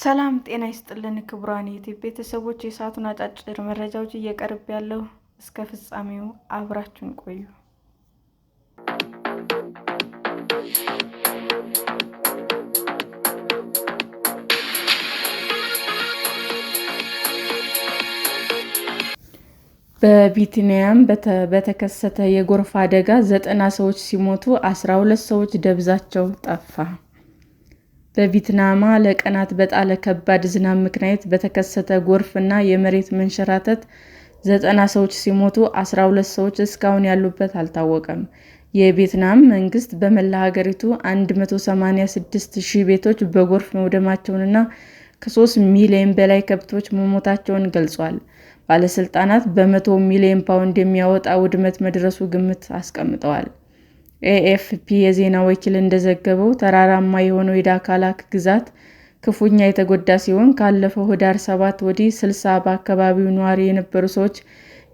ሰላም ጤና ይስጥልን ክቡራን ዩቲ ቤተሰቦች፣ የሰዓቱን አጫጭር መረጃዎች እየቀርብ ያለው እስከ ፍጻሜው አብራችሁን ቆዩ። በቢትኒያም በተከሰተ የጎርፍ አደጋ ዘጠና ሰዎች ሲሞቱ አስራ ሁለት ሰዎች ደብዛቸው ጠፋ። በቪትናማ ለቀናት በጣለ ከባድ ዝናብ ምክንያት በተከሰተ ጎርፍ እና የመሬት መንሸራተት ዘጠና ሰዎች ሲሞቱ አስራ ሁለት ሰዎች እስካሁን ያሉበት አልታወቀም። የቪትናም መንግስት በመላ ሀገሪቱ አንድ መቶ ሰማንያ ስድስት ሺህ ቤቶች በጎርፍ መውደማቸውንና ከሶስት ሚሊዮን በላይ ከብቶች መሞታቸውን ገልጿል። ባለሥልጣናት በመቶ ሚሊዮን ፓውንድ የሚያወጣ ውድመት መድረሱ ግምት አስቀምጠዋል። ኤኤፍፒ የዜና ወኪል እንደዘገበው ተራራማ የሆነው የዳካላክ ግዛት ክፉኛ የተጎዳ ሲሆን ካለፈው ህዳር ሰባት ወዲህ ስልሳ በአካባቢው ነዋሪ የነበሩ ሰዎች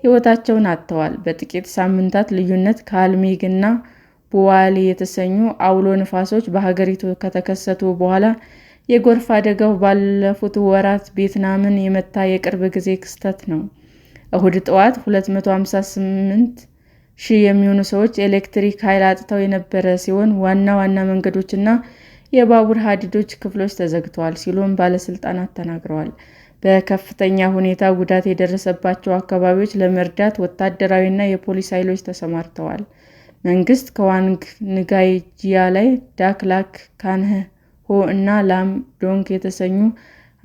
ሕይወታቸውን አጥተዋል። በጥቂት ሳምንታት ልዩነት ካልሚግ እና ቡዋሊ የተሰኙ አውሎ ንፋሶች በሀገሪቱ ከተከሰቱ በኋላ የጎርፍ አደጋው ባለፉት ወራት ቤትናምን የመታ የቅርብ ጊዜ ክስተት ነው። እሁድ ጠዋት 258 ሺህ የሚሆኑ ሰዎች ኤሌክትሪክ ኃይል አጥተው የነበረ ሲሆን ዋና ዋና መንገዶችና የባቡር ሀዲዶች ክፍሎች ተዘግተዋል ሲሉም ባለሥልጣናት ተናግረዋል። በከፍተኛ ሁኔታ ጉዳት የደረሰባቸው አካባቢዎች ለመርዳት ወታደራዊና የፖሊስ ኃይሎች ተሰማርተዋል። መንግስት ከዋንግ ንጋይጂያ ላይ ዳክላክ ካንህ ሆ እና ላም ዶንግ የተሰኙ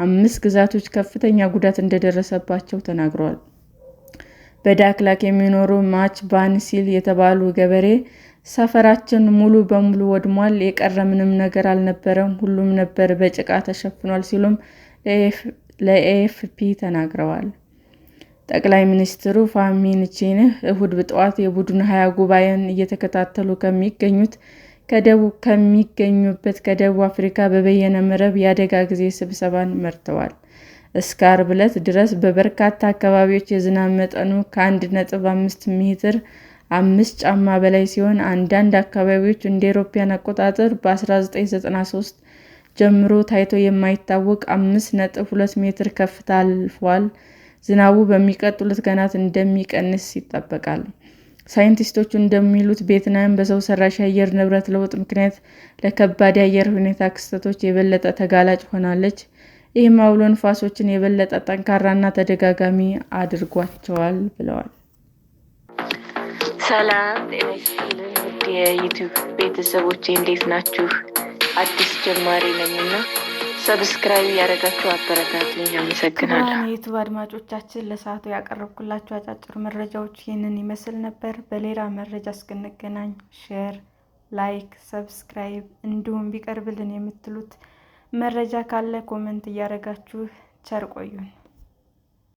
አምስት ግዛቶች ከፍተኛ ጉዳት እንደደረሰባቸው ተናግረዋል። በዳክላክ የሚኖሩ ማች ባን ሲል የተባሉ ገበሬ ሰፈራችን ሙሉ በሙሉ ወድሟል፣ የቀረ ምንም ነገር አልነበረም፣ ሁሉም ነበር በጭቃ ተሸፍኗል ሲሉም ለኤኤፍፒ ተናግረዋል። ጠቅላይ ሚኒስትሩ ፋሚንቺንህ እሁድ ጠዋት የቡድን ሀያ ጉባኤን እየተከታተሉ ከሚገኙት ከደቡብ ከሚገኙበት ከደቡብ አፍሪካ በበየነ መረብ የአደጋ ጊዜ ስብሰባን መርተዋል። እስከ አርብ ዕለት ድረስ በበርካታ አካባቢዎች የዝናብ መጠኑ ከአንድ ነጥብ አምስት ሜትር አምስት ጫማ በላይ ሲሆን አንዳንድ አካባቢዎች እንደ አውሮፓውያን አቆጣጠር በ1993 ጀምሮ ታይቶ የማይታወቅ አምስት ነጥብ ሁለት ሜትር ከፍታ አልፏል። ዝናቡ በሚቀጥሉት ቀናት እንደሚቀንስ ይጠበቃል። ሳይንቲስቶቹ እንደሚሉት ቬትናም በሰው ሰራሽ የአየር ንብረት ለውጥ ምክንያት ለከባድ የአየር ሁኔታ ክስተቶች የበለጠ ተጋላጭ ሆናለች። ይህም አውሎ ንፋሶችን የበለጠ ጠንካራና ተደጋጋሚ አድርጓቸዋል ብለዋል። ሰላም ጤና ይስጥልን ውድ ቤተሰቦች እንዴት ናችሁ? አዲስ ጀማሪ ነኝና ሰብስክራይብ እያደረጋችሁ አበረታቱኝ። አመሰግናለሁ። ዩቱብ አድማጮቻችን ለሰዓቱ ያቀረብኩላችሁ አጫጭር መረጃዎች ይህንን ይመስል ነበር። በሌላ መረጃ እስክንገናኝ ሼር፣ ላይክ፣ ሰብስክራይብ እንዲሁም ቢቀርብልን የምትሉት መረጃ ካለ ኮመንት እያደረጋችሁ ቸር ቆዩን።